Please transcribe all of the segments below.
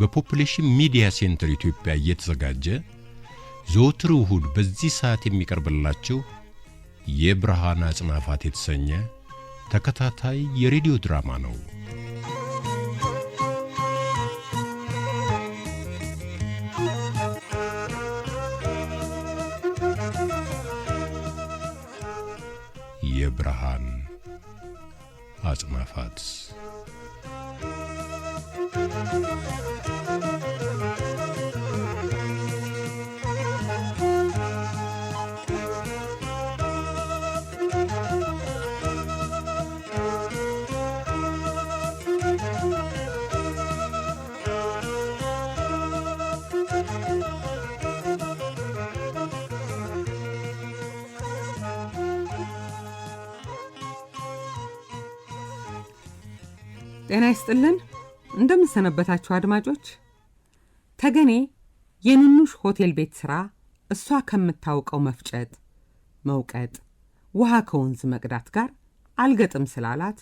በፖፑሌሽን ሚዲያ ሴንተር ኢትዮጵያ እየተዘጋጀ ዘወትር እሁድ በዚህ ሰዓት የሚቀርብላችሁ የብርሃን አጽናፋት የተሰኘ ተከታታይ የሬዲዮ ድራማ ነው። የብርሃን አጽናፋት ጤና ይስጥልን እንደምንሰነበታችሁ አድማጮች። ተገኔ የንኑሽ ሆቴል ቤት ሥራ እሷ ከምታውቀው መፍጨት፣ መውቀጥ፣ ውሃ ከወንዝ መቅዳት ጋር አልገጥም ስላላት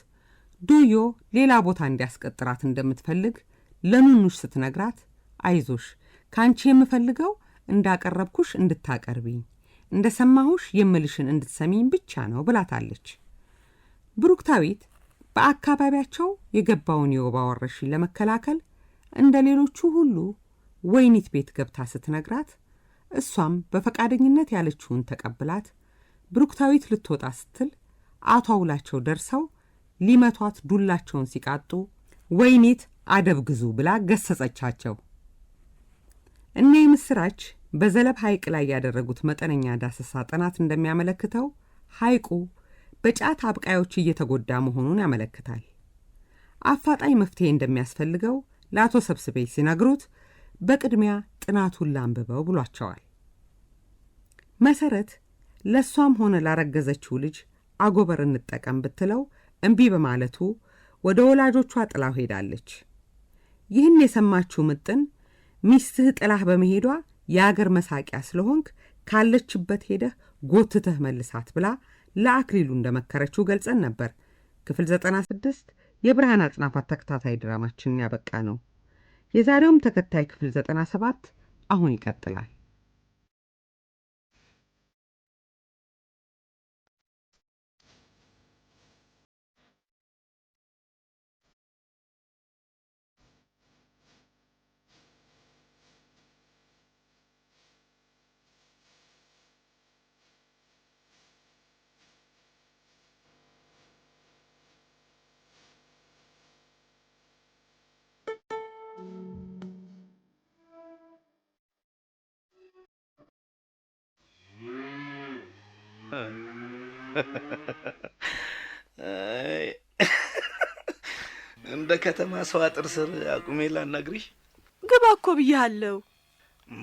ዶዮ ሌላ ቦታ እንዲያስቀጥራት እንደምትፈልግ ለኑኑሽ ስትነግራት አይዞሽ ከአንቺ የምፈልገው እንዳቀረብኩሽ እንድታቀርቢኝ እንደ ሰማሁሽ የምልሽን እንድትሰሚኝ ብቻ ነው ብላታለች። ብሩክታዊት በአካባቢያቸው የገባውን የወባ ወረርሽኝ ለመከላከል እንደ ሌሎቹ ሁሉ ወይኒት ቤት ገብታ ስትነግራት እሷም በፈቃደኝነት ያለችውን ተቀብላት ብሩክታዊት ልትወጣ ስትል አቶ አውላቸው ደርሰው ሊመቷት ዱላቸውን ሲቃጡ ወይኒት አደብ ግዙ ብላ ገሰጸቻቸው። እኔ ምስራች በዘለብ ሐይቅ ላይ ያደረጉት መጠነኛ ዳሰሳ ጥናት እንደሚያመለክተው ሐይቁ በጫት አብቃዮች እየተጎዳ መሆኑን ያመለክታል። አፋጣኝ መፍትሄ እንደሚያስፈልገው ለአቶ ሰብስቤ ሲነግሩት በቅድሚያ ጥናቱን ላንብበው ብሏቸዋል። መሰረት ለእሷም ሆነ ላረገዘችው ልጅ አጎበር እንጠቀም ብትለው እምቢ በማለቱ ወደ ወላጆቿ ጥላው ሄዳለች። ይህን የሰማችው ምጥን ሚስትህ ጥላህ በመሄዷ የአገር መሳቂያ ስለሆንክ ካለችበት ሄደህ ጎትተህ መልሳት ብላ ለአክሊሉ እንደመከረችው ገልጸን ነበር። ክፍል 96 የብርሃን አጽናፋት ተከታታይ ድራማችንን ያበቃ ነው። የዛሬውም ተከታይ ክፍል 97 አሁን ይቀጥላል። እንደ ከተማ ሰው አጥር ስር አቁሜ ላናግሪሽ? ግባ እኮ ብያለሁ።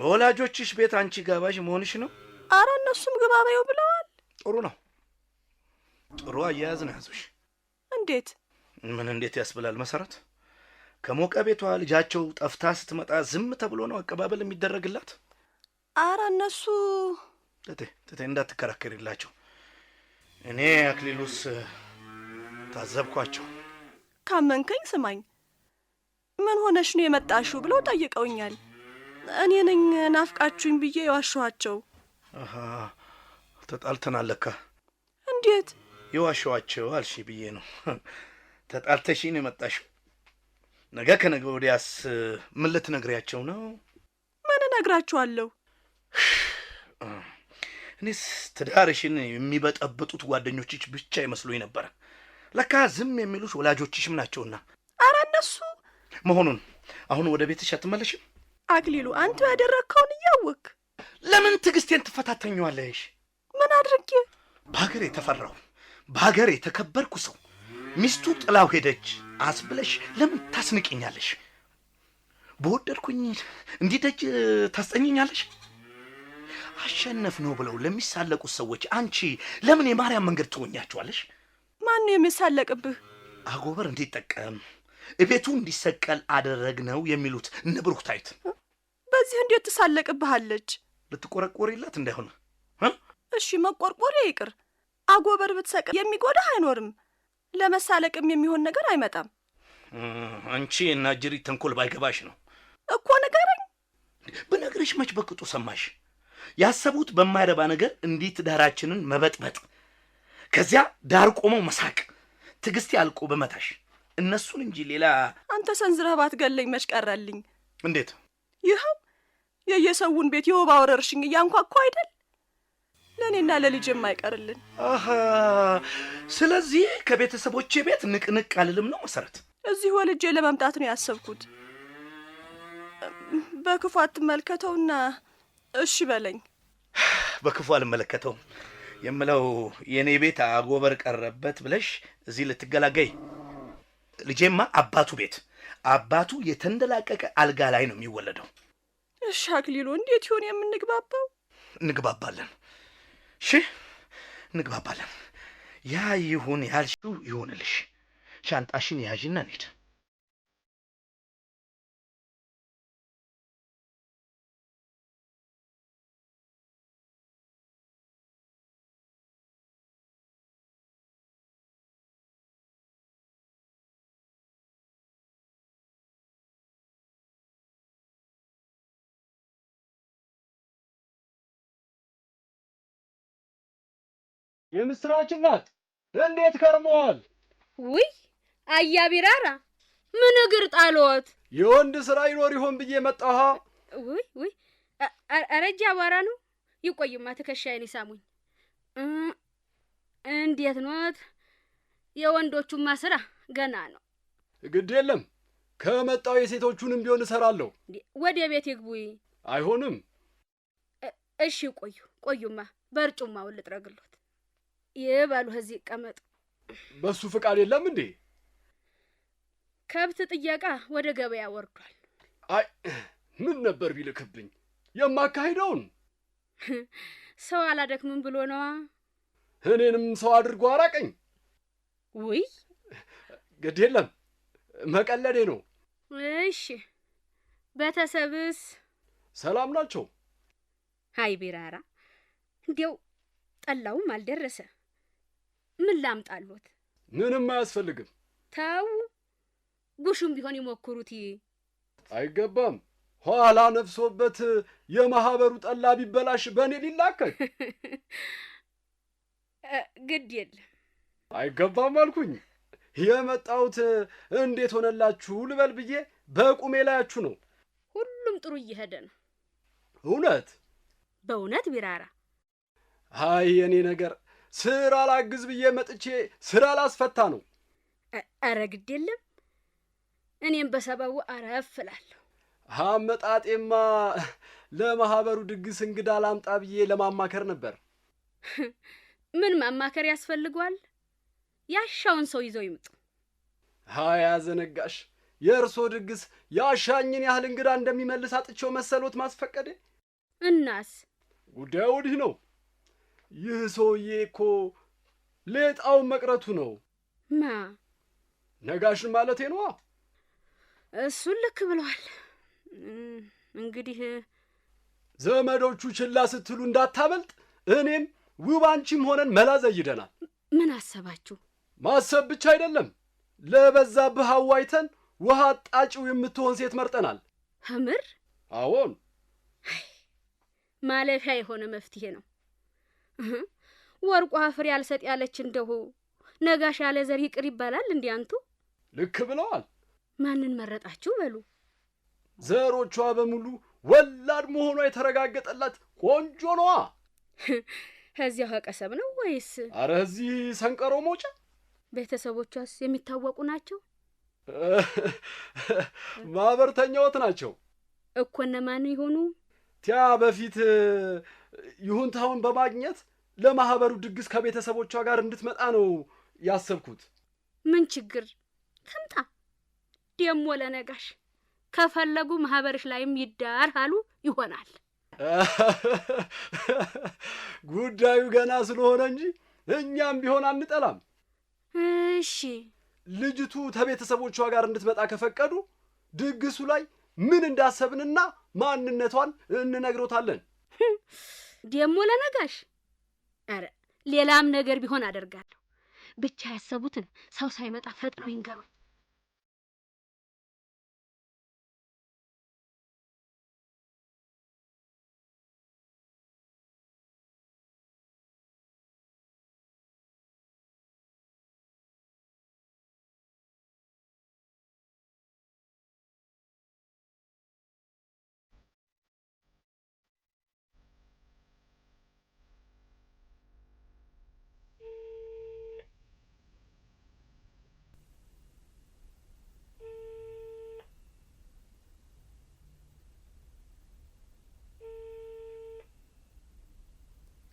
ወላጆችሽ ቤት አንቺ ጋባዥ መሆንሽ ነው? አረ እነሱም ግባ በይው ብለዋል። ጥሩ ነው። ጥሩ አያያዝ ነው ያዙሽ። እንዴት? ምን እንዴት ያስብላል መሰረት ከሞቀ ቤቷ ልጃቸው ጠፍታ ስትመጣ ዝም ተብሎ ነው አቀባበል የሚደረግላት? አረ እነሱ ትቴ ትቴ እንዳትከራከሪላቸው እኔ አክሊሉስ ታዘብኳቸው። ካመንከኝ ስማኝ፣ ምን ሆነሽ ነው የመጣሽው ብለው ጠይቀውኛል። እኔ ነኝ ናፍቃችሁኝ ብዬ የዋሸኋቸው። ተጣልተናል ለካ። እንዴት የዋሸኋቸው አልሽ ብዬ ነው። ተጣልተሽ ነው የመጣሽው። ነገ ከነገ ወዲያስ ምን ልትነግሪያቸው ነው? ምን እነግራችኋለሁ? እኔስ ትዳርሽን የሚበጠብጡት ጓደኞችሽ ብቻ ይመስሉኝ ነበር። ለካ ዝም የሚሉሽ ወላጆችሽም ናቸውና። አረ እነሱ መሆኑን አሁን ወደ ቤትሽ አትመለሽም? አክሊሉ፣ አንተ ያደረግከውን እያወቅ ለምን ትዕግስቴን ትፈታተኛዋለሽ? ምን አድርጌ? በሀገር የተፈራው በሀገር የተከበርኩ ሰው ሚስቱ ጥላው ሄደች አስብለሽ ለምን ታስንቅኛለሽ? በወደድኩኝ እንዲህ ደጅ ታስጠኝኛለሽ? አሸነፍ ነው ብለው ለሚሳለቁት ሰዎች አንቺ ለምን የማርያም መንገድ ትሆኛቸዋለሽ? ማን ነው የሚሳለቅብህ? አጎበር እንዲጠቀም ቤቱ እንዲሰቀል አደረግነው የሚሉት እነ ታይት በዚህ እንዴት ትሳለቅብሃለች? ልትቆረቆሪላት እንዳይሆነ። እሺ መቆርቆሪ ይቅር፣ አጎበር ብትሰቅ የሚጎዳህ አይኖርም። ለመሳለቅም የሚሆን ነገር አይመጣም። አንቺ እና ጅሪት ተንኮል ባይገባሽ ነው እኮ ንገረኝ። ብነግርሽ መች በቅጡ ሰማሽ? ያሰቡት በማይረባ ነገር እንዲህ ትዳራችንን መበጥበጥ፣ ከዚያ ዳር ቆመው መሳቅ። ትዕግስቴ አልቆ በመታሽ እነሱን እንጂ ሌላ አንተ ሰንዝረህ ባትገለኝ መች ቀረልኝ። እንዴት ይኸው የየሰውን ቤት የወባ ወረርሽኝ እያንኳኳ አይደል ለእኔና ለልጅ የማይቀርልን። ስለዚህ ከቤተሰቦቼ ቤት ንቅንቅ አልልም ነው መሰረት። እዚህ ወልጄ ለመምጣት ነው ያሰብኩት። በክፉ አትመልከተውና እሺ በለኝ። በክፉ አልመለከተውም። የምለው የእኔ ቤት አጎበር ቀረበት ብለሽ እዚህ ልትገላገይ? ልጄማ አባቱ ቤት አባቱ የተንደላቀቀ አልጋ ላይ ነው የሚወለደው። እሺ አክሊሉ፣ እንዴት ይሆን የምንግባባው? እንግባባለን። እሺ እንግባባለን። ያ ይሁን ያልሽው ይሁንልሽ። ሻንጣሽን ያዥና እንሂድ። የምስራች እናት እንዴት ከርመዋል? ውይ አያ ቢራራ ምን እግር ጣሎት? የወንድ ስራ ይኖር ይሆን ብዬ መጣሁ። ውይ ውይ አረጃ አቧራ ነው። ይቆይማ ትከሻዬን ይሳሙኝ። እንዴት ኖት? የወንዶቹማ ስራ ገና ነው። ግድ የለም ከመጣው የሴቶቹንም ቢሆን እሰራለሁ። ወደ ቤት ይግቡ። አይሆንም። እሺ ቆዩ ቆዩማ፣ በርጩማውን ልጥረግሎት ይህ ባሉ እዚህ ይቀመጡ። በሱ ፍቃድ የለም እንዴ? ከብት ጥየቃ ወደ ገበያ ወርዷል። አይ ምን ነበር ቢልክብኝ የማካሄደውን ሰው አላደክምም ብሎ ነዋ። እኔንም ሰው አድርጎ አራቀኝ። ውይ ግድ የለም መቀለዴ ነው። እሺ ቤተሰብስ ሰላም ናቸው? አይ ቢራራ እንዲያው ጠላውም አልደረሰ። ምን ላምጣሎት? ምንም አያስፈልግም። ተው፣ ጉሹም ቢሆን ይሞክሩት። አይገባም። ኋላ ነፍሶበት የማህበሩ ጠላ ቢበላሽ በእኔ ሊላከል ግድ የለም። አይገባም አልኩኝ። የመጣሁት እንዴት ሆነላችሁ ልበል ብዬ በቁሜ ላያችሁ ነው። ሁሉም ጥሩ እየሄደ ነው። እውነት በእውነት ቢራራ አይ የእኔ ነገር ስራ ላግዝ ብዬ መጥቼ ስራ ላስፈታ ነው። አረ ግድ የለም እኔም በሰበቡ አረፍ እላለሁ። አመጣጤማ ለማህበሩ ድግስ እንግዳ ላምጣ ብዬ ለማማከር ነበር። ምን ማማከር ያስፈልገዋል? ያሻውን ሰው ይዘው ይምጡ። ሀያ ዘነጋሽ የእርሶ ድግስ ያሻኝን ያህል እንግዳ እንደሚመልስ አጥቼው መሰሎት ማስፈቀዴ? እናስ ጉዳዩ ወዲህ ነው። ይህ ሰውዬ እኮ ሌጣውን መቅረቱ ነው። ማ ነጋሽን ማለቴ ነዋ። እሱን ልክ ብለዋል። እንግዲህ ዘመዶቹ ችላ ስትሉ እንዳታበልጥ እኔም ውብ አንቺም ሆነን መላ ዘይደናል። ምን አሰባችሁ? ማሰብ ብቻ አይደለም፣ ለበዛብህ አዋይተን ውሃ አጣጭው የምትሆን ሴት መርጠናል። እምር አዎን፣ ማለፊያ የሆነ መፍትሄ ነው። ወርቋ ፍሬ ያልሰጥ ያለች እንደሁ ነጋሽ ያለ ዘር ይቅር ይባላል። እንዲያንቱ አንቱ ልክ ብለዋል። ማንን መረጣችሁ በሉ። ዘሮቿ በሙሉ ወላድ መሆኗ የተረጋገጠላት ቆንጆ ነዋ። እዚያ ቀሰብ ነው ወይስ አረ እዚህ ሰንቀሮ መውጫ? ቤተሰቦቿስ የሚታወቁ ናቸው? ማህበርተኛዎት ናቸው እኮ። እነማን ይሆኑ? ቲያ በፊት ይሁንታውን በማግኘት ለማህበሩ ድግስ ከቤተሰቦቿ ጋር እንድትመጣ ነው ያሰብኩት። ምን ችግር ትምጣ። ደሞ ለነጋሽ ከፈለጉ ማህበርሽ ላይም ይዳር አሉ ይሆናል። ጉዳዩ ገና ስለሆነ እንጂ እኛም ቢሆን አንጠላም። እሺ፣ ልጅቱ ከቤተሰቦቿ ጋር እንድትመጣ ከፈቀዱ ድግሱ ላይ ምን እንዳሰብንና ማንነቷን እንነግሮታለን። ደሞ ለነጋሽ አረ ሌላም ነገር ቢሆን አደርጋለሁ። ብቻ ያሰቡትን ሰው ሳይመጣ ፈጥነው ይንገሩኝ።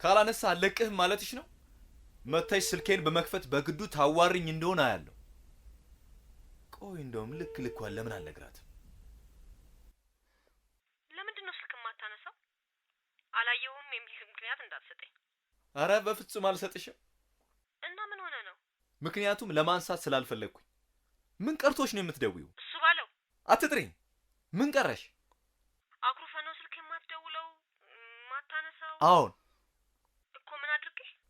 ካላነሳ አለቅህም ማለትሽ ነው። መታሽ ስልኬን በመክፈት በግዱ ታዋሪኝ እንደሆነ አያለሁ። ቆይ እንደውም ልክ ልኳን ለምን አልነግራትም? ለምንድን ነው ስልክ የማታነሳው? አላየሁም የሚል ምክንያት እንዳትሰጠኝ። አረ በፍጹም አልሰጥሽም። እና ምን ሆነ ነው? ምክንያቱም ለማንሳት ስላልፈለግኩኝ። ምን ቀርቶች ነው የምትደውዩ? እሱ ባለው አትጥሪኝ። ምን ቀረሽ? አኩርፈ ነው ስልክ የማትደውለው ማታነሳው? አዎን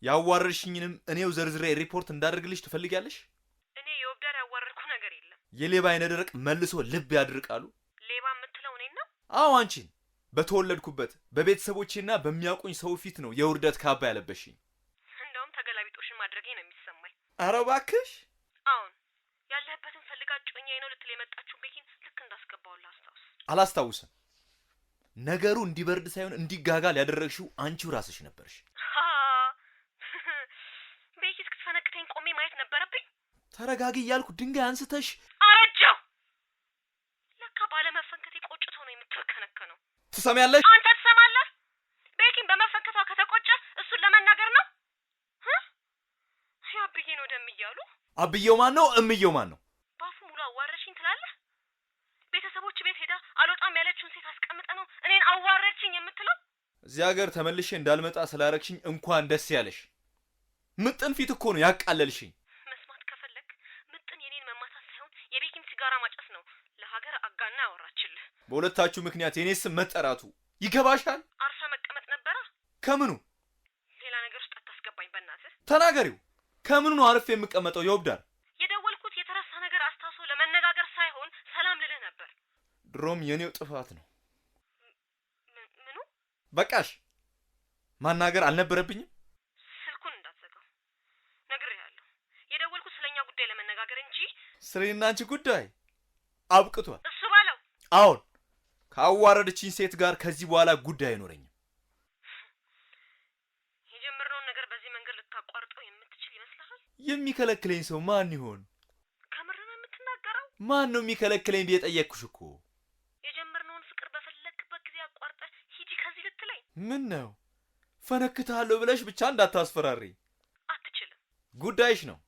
ያዋረድሽኝንም እኔው ዘርዝሬ ሪፖርት እንዳደርግልሽ ትፈልጊያለሽ? እኔ የወብዳድ ያዋረድኩ ነገር የለም። የሌባ አይነ ደረቅ መልሶ ልብ ያድርቃሉ። ሌባ የምትለው እኔን ነው? አዎ አንቺን። በተወለድኩበት በቤተሰቦቼና በሚያውቁኝ ሰው ፊት ነው የውርደት ካባ ያለበሽኝ። እንደውም ተገላቢጦሽን ማድረጌ ነው የሚሰማኝ። አረ እባክሽ። አሁን ያለህበትን ፈልጋ እጮኛዬ ነው ልትል የመጣችሁ ቤኪን ልክ እንዳስገባው ላስታውስ። አላስታውስም። ነገሩ እንዲበርድ ሳይሆን እንዲጋጋል ያደረግሽው አንቺው ራስሽ ነበርሽ። ተረጋጊ እያልኩ ድንጋይ አንስተሽ አረጀው። ለካ ባለመፈንከቴ ቆጭቶ ነው የምትከነከነው። ትሰሚያለሽ? አንተ ትሰማለህ? ቤኪን በመፈንከቷ ከተቆጨ እሱን ለመናገር ነው። አብዬ ነው ደም እያሉ አብዬው ማን ነው? እምየው ማን ነው? ባፉ ሙሉ አዋረሽኝ ትላለህ። ቤተሰቦች ቤት ሄዳ አልወጣም ያለችውን ሴት አስቀምጠ ነው እኔን አዋረችኝ የምትለው። እዚህ ሀገር ተመልሼ እንዳልመጣ ስላረግሽኝ እንኳን ደስ ያለሽ። ምጥን ፊት እኮ ነው ያቃለልሽኝ። በሁለታችሁ ምክንያት የኔ ስም መጠራቱ ይገባሻል? አርፈ መቀመጥ ነበረ። ከምኑ ሌላ ነገር ውስጥ አታስገባኝ በእናትህ። ተናገሪው። ከምኑ ነው አርፌ የምቀመጠው? የወብዳር የደወልኩት የተረሳ ነገር አስታውሶ ለመነጋገር ሳይሆን ሰላም ልልህ ነበር። ድሮም የኔው ጥፋት ነው። ምኑ? በቃሽ፣ ማናገር አልነበረብኝም። ስልኩን እንዳትዘጋው ነግሬሃለሁ። የደወልኩት ስለኛ ጉዳይ ለመነጋገር እንጂ አንቺ ጉዳይ አብቅቷል። እሱ ባለው አሁን ካዋረደችኝ ሴት ጋር ከዚህ በኋላ ጉዳይ አይኖረኝም። የጀመርነውን ነገር በዚህ መንገድ ልታቋርጠው የምትችል ይመስልሃል? የሚከለክለኝ ሰው ማን ይሆን? ከምር ነው የምትናገረው? ማን ነው የሚከለክለኝ? እንደ የጠየቅኩሽ እኮ የጀመርነውን ፍቅር በፈለግበት ጊዜ አቋርጠ ሂጂ ከዚህ ልትለኝ ምን ነው? ፈነክትሃለሁ ብለሽ ብቻ እንዳታስፈራሪ። አትችልም። ጉዳይሽ ነው።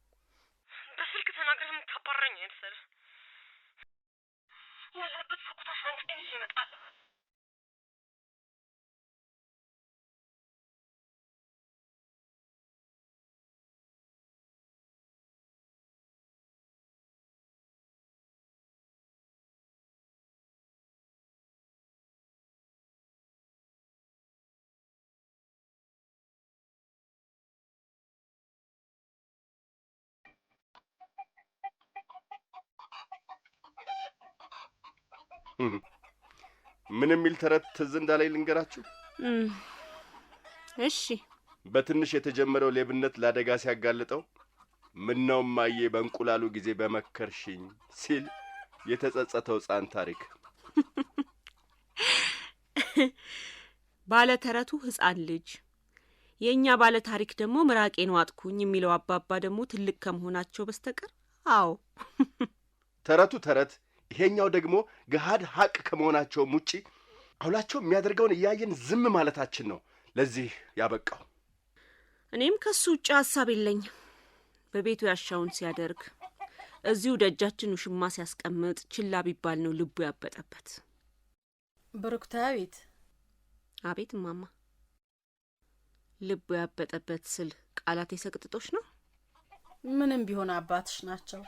ምን የሚል ተረት ትዝ እንዳላይ ልንገራችሁ። እሺ። በትንሽ የተጀመረው ሌብነት ለአደጋ ሲያጋልጠው ነው ማዬ በእንቁላሉ ጊዜ በመከርሽኝ ሲል የተጸጸተው ሕፃን ታሪክ። ባለ ተረቱ ሕፃን ልጅ፣ የእኛ ባለ ታሪክ ደግሞ ምራቄ ነው አጥኩኝ የሚለው አባባ ደግሞ ትልቅ ከመሆናቸው በስተቀር አዎ፣ ተረቱ ተረት ይሄኛው ደግሞ ገሃድ ሀቅ ከመሆናቸውም ውጪ አሁላቸው የሚያደርገውን እያየን ዝም ማለታችን ነው ለዚህ ያበቃው። እኔም ከሱ ውጭ ሀሳብ የለኝ። በቤቱ ያሻውን ሲያደርግ እዚሁ ደጃችን ውሽማ ሲያስቀምጥ ችላ ቢባል ነው ልቡ ያበጠበት። ብሩክታ ቤት አቤት እማማ፣ ልቡ ያበጠበት ስል ቃላት የሰቅጥጦች ነው። ምንም ቢሆን አባትሽ ናቸው።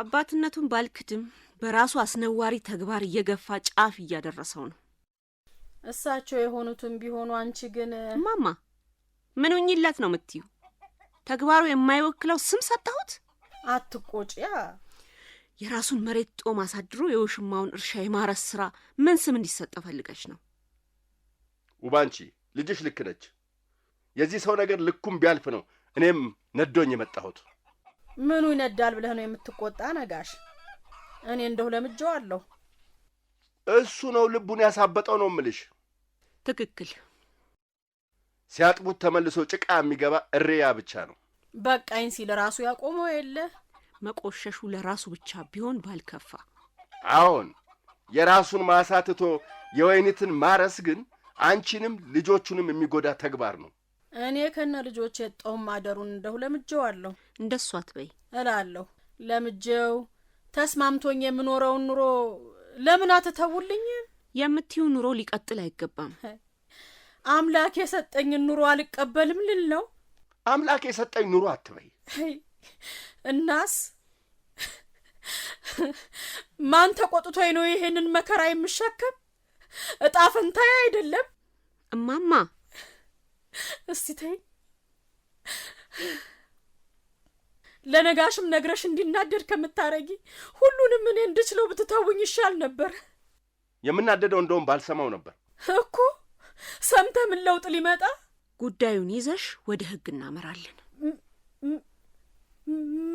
አባትነቱን ባልክድም በራሱ አስነዋሪ ተግባር እየገፋ ጫፍ እያደረሰው ነው። እሳቸው የሆኑትም ቢሆኑ አንቺ ግን ማማ ምን ሆኝለት ነው የምትዩ? ተግባሩ የማይወክለው ስም ሰጠሁት። አትቆጭያ የራሱን መሬት ጦም አሳድሮ የውሽማውን እርሻ የማረስ ስራ ምን ስም እንዲሰጠ ፈልገች ነው? ውባንቺ ልጅሽ ልክ ነች። የዚህ ሰው ነገር ልኩም ቢያልፍ ነው እኔም ነዶኝ የመጣሁት። ምኑ ይነዳል ብለህ ነው የምትቆጣ? ነጋሽ እኔ እንደው ለምጄው አለሁ። እሱ ነው ልቡን ያሳበጠው ነው ምልሽ። ትክክል። ሲያጥቡት ተመልሶ ጭቃ የሚገባ እሬያ ብቻ ነው። በቃኝ ሲል ራሱ ያቆመው የለ። መቆሸሹ ለራሱ ብቻ ቢሆን ባልከፋ። አሁን የራሱን ማሳትቶ የወይኒትን ማረስ ግን አንቺንም ልጆቹንም የሚጎዳ ተግባር ነው። እኔ ከነ ልጆቼ ጦም ማደሩን እንደሁ ለምጄው አለሁ እንደ እሷ በይ እላለሁ። ለምጄው ተስማምቶኝ የምኖረውን ኑሮ ለምን አትተውልኝ? የምትዩ ኑሮ ሊቀጥል አይገባም። አምላክ የሰጠኝን ኑሮ አልቀበልም ልል ነው። አምላክ የሰጠኝ ኑሮ አትበይ። እናስ ማን ተቆጥቶኝ ነው ይሄንን መከራ የምሸከም? እጣ ፈንታዬ አይደለም እማማ እስቲ ለነጋሽም ነግረሽ እንዲናደድ ከምታረጊ ሁሉንም እኔ እንድችለው ብትተውኝ ይሻል ነበር። የምናደደው እንደውም ባልሰማው ነበር እኮ። ሰምተ ምን ለውጥ ሊመጣ? ጉዳዩን ይዘሽ ወደ ህግ እናመራለን።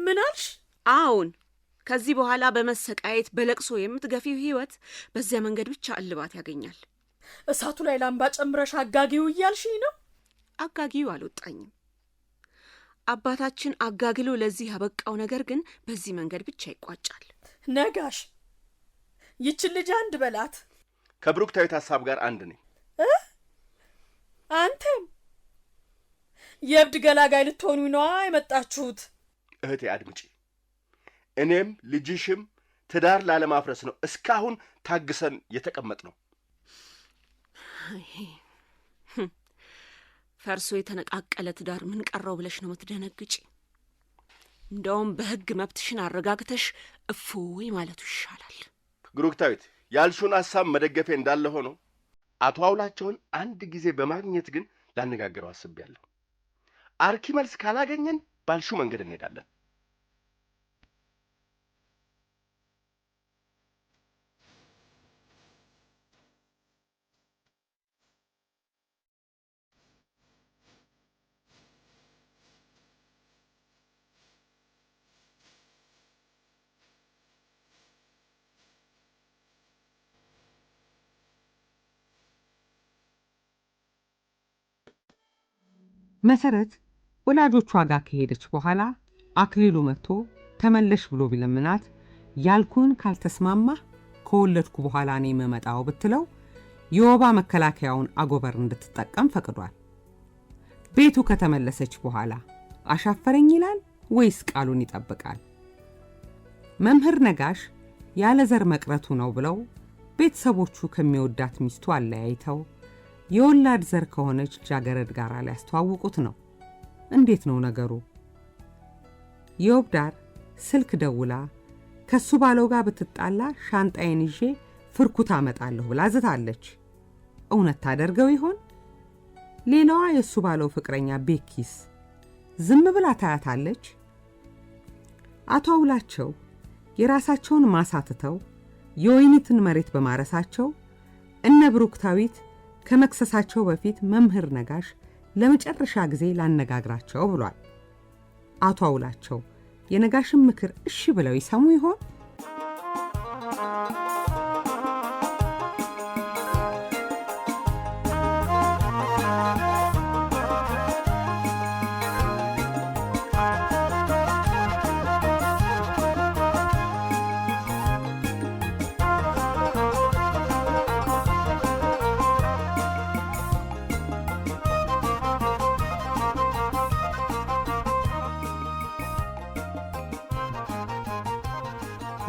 ምን አልሽ? ከዚህ በኋላ በመሰቃየት በለቅሶ የምትገፊው ህይወት በዚያ መንገድ ብቻ እልባት ያገኛል። እሳቱ ላይ ላምባ ጨምረሽ አጋጊው እያልሽኝ ነው? አጋጊው አልወጣኝም። አባታችን አጋግሎ ለዚህ ያበቃው ነገር ግን በዚህ መንገድ ብቻ ይቋጫል። ነጋሽ ይችን ልጅ አንድ በላት። ከብሩክታዊት ሀሳብ ጋር አንድ ነኝ። አንተም የእብድ ገላጋይ ልትሆኑ ነዋ የመጣችሁት። እህቴ አድምጪ፣ እኔም ልጅሽም ትዳር ላለማፍረስ ነው እስካሁን ታግሰን የተቀመጥ ነው። ፈርሶ የተነቃቀለ ትዳር ምን ቀረው ብለሽ ነው የምትደነግጪ? እንደውም በህግ መብትሽን አረጋግተሽ እፎይ ማለቱ ይሻላል። ግሩክታዊት ያልሹን ሀሳብ መደገፌ እንዳለ ሆኖ አቶ አውላቸውን አንድ ጊዜ በማግኘት ግን ላነጋግረው አስቤያለሁ። አርኪ መልስ ካላገኘን ባልሹ መንገድ እንሄዳለን። መሰረት ወላጆቿ ጋር ከሄደች በኋላ አክሊሉ መጥቶ ተመለሽ ብሎ ቢለምናት ያልኩን ካልተስማማ ከወለድኩ በኋላ እኔ የምመጣው ብትለው የወባ መከላከያውን አጎበር እንድትጠቀም ፈቅዷል። ቤቱ ከተመለሰች በኋላ አሻፈረኝ ይላል ወይስ ቃሉን ይጠብቃል? መምህር ነጋሽ ያለ ዘር መቅረቱ ነው ብለው ቤተሰቦቹ ከሚወዳት ሚስቱ አለያይተው የወላድ ዘር ከሆነች ጃገረድ ጋር ሊያስተዋውቁት ነው። እንዴት ነው ነገሩ? የወብዳር ስልክ ደውላ ከሱ ባለው ጋር ብትጣላ ሻንጣዬን ይዤ ፍርኩት አመጣለሁ ብላ ዝታለች። እውነት ታደርገው ይሆን? ሌላዋ የእሱ ባለው ፍቅረኛ ቤኪስ ዝም ብላ ታያታለች። አቶ አውላቸው የራሳቸውን ማሳትተው የወይኒትን መሬት በማረሳቸው እነ ብሩክታዊት ከመክሰሳቸው በፊት መምህር ነጋሽ ለመጨረሻ ጊዜ ላነጋግራቸው ብሏል። አቶ አውላቸው የነጋሽን ምክር እሺ ብለው ይሰሙ ይሆን?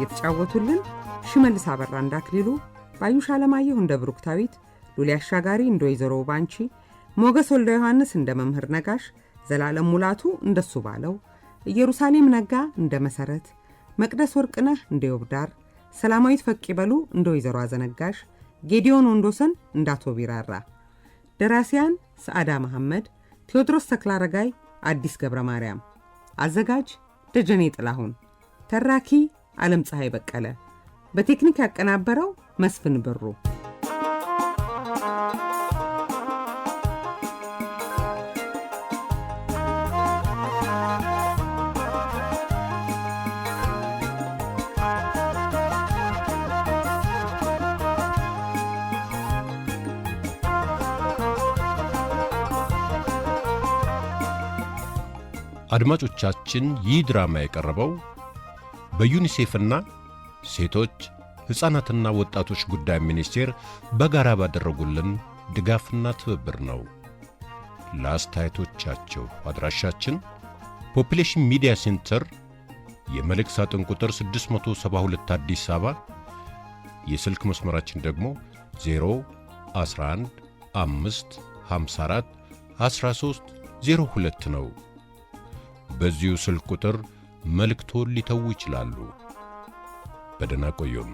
የተጫወቱልን ሽመልስ አበራ እንዳክሊሉ፣ ባዩሽ አለማየሁ እንደ ብሩክታዊት፣ ሉሊ አሻጋሪ እንደ ወይዘሮ ባንቺ፣ ሞገስ ወልደ ዮሐንስ እንደ መምህር ነጋሽ፣ ዘላለም ሙላቱ እንደሱ ባለው፣ ኢየሩሳሌም ነጋ እንደ መሠረት፣ መቅደስ ወርቅነህ እንደ ዮብዳር፣ ሰላማዊት ፈቅ ይበሉ እንደ ወይዘሮ አዘነጋሽ፣ ጌዲዮን ወንዶሰን እንደ አቶ ቢራራ። ደራሲያን ሰዓዳ መሐመድ፣ ቴዎድሮስ ተክላረጋይ፣ አዲስ ገብረ ማርያም። አዘጋጅ ደጀኔ ጥላሁን። ተራኪ ዓለም ፀሐይ በቀለ፣ በቴክኒክ ያቀናበረው መስፍን ብሩ። አድማጮቻችን ይህ ድራማ የቀረበው በዩኒሴፍና ሴቶች ሕፃናትና ወጣቶች ጉዳይ ሚኒስቴር በጋራ ባደረጉልን ድጋፍና ትብብር ነው። ለአስተያየቶቻቸው አድራሻችን ፖፕሌሽን ሚዲያ ሴንተር የመልእክት ሳጥን ቁጥር 672 አዲስ አበባ፣ የስልክ መስመራችን ደግሞ 011554 13 02 ነው። በዚሁ ስልክ ቁጥር መልእክቶን ሊተዉ ይችላሉ። በደህና ቆዩን።